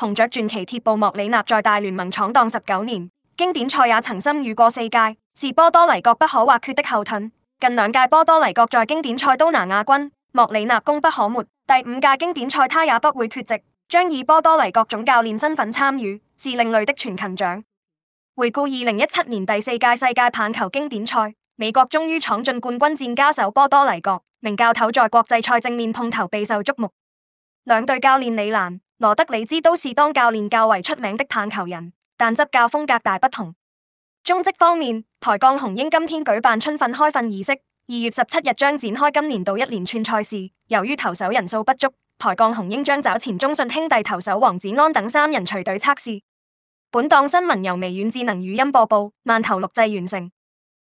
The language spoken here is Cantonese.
紅雀傳奇鐵捕莫里納在大聯盟闖蕩十九年，經典賽也曾參與過四屆，是波多黎各不可或缺的後盾。近兩屆波多黎各在經典賽都拿亞軍，莫里納功不可沒。第五屆經典賽他也不會缺席，將以波多黎各總教練身份參與，是另類的全勤獎。回顧二零一七年第四屆世界棒球經典賽，美國終於闖進冠軍戰，交手波多黎各名教頭在國際賽正面碰頭，備受矚目。兩隊教練李蘭。羅德里茲都是當教練較為出名的棒球人，但執教風格大不同。中職方面，台鋼雄鷹今天舉辦春訓開訓儀式，二月十七日將展開今年度一連串賽事。由於投手人數不足，台鋼雄鷹將找前中信兄弟投手王子安等三人隨隊測試。本檔新聞由微軟智能語音播報，慢投錄製完成。